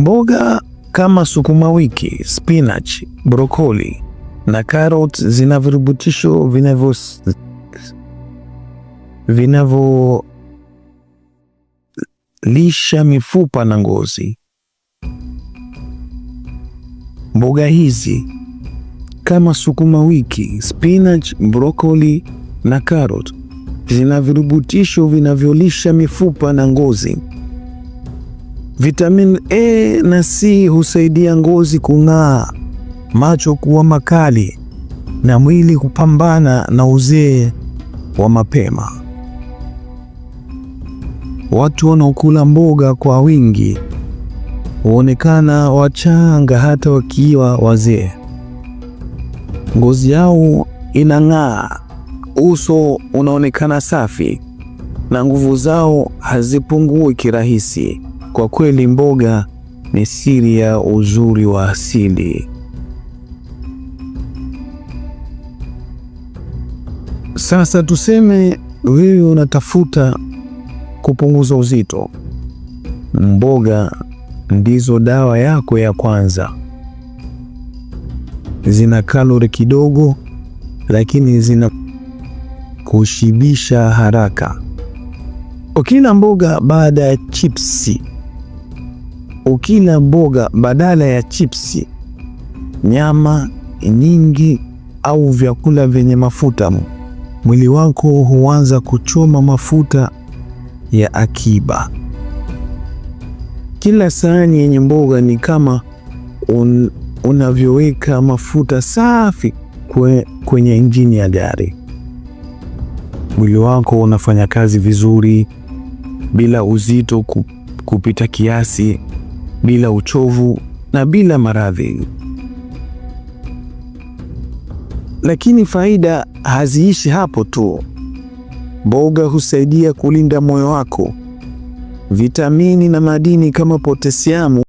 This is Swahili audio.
Mboga kama sukuma wiki, spinach, brokoli na carrot zina virutubisho vinavyolisha mifupa na ngozi. Mboga hizi kama sukuma wiki, spinach, brokoli na carrot zina virutubisho vinavyolisha mifupa na ngozi. Vitamin A na C husaidia ngozi kung'aa, macho kuwa makali na mwili kupambana na uzee wa mapema. Watu wanaokula mboga kwa wingi huonekana wachanga hata wakiwa wazee. Ngozi yao inang'aa, uso unaonekana safi na nguvu zao hazipungui kirahisi. Kwa kweli mboga ni siri ya uzuri wa asili. Sasa tuseme wewe unatafuta kupunguza uzito, mboga ndizo dawa yako ya kwanza. Zina kalori kidogo, lakini zina kushibisha haraka. Ukila mboga baada ya chipsi ukila mboga badala ya chipsi, nyama nyingi au vyakula vyenye mafuta, mwili wako huanza kuchoma mafuta ya akiba. Kila sahani yenye mboga ni kama un, unavyoweka mafuta safi kwe, kwenye injini ya gari. Mwili wako unafanya kazi vizuri bila uzito kupita kiasi bila uchovu na bila maradhi. Lakini faida haziishi hapo tu. Mboga husaidia kulinda moyo wako. Vitamini na madini kama potasiamu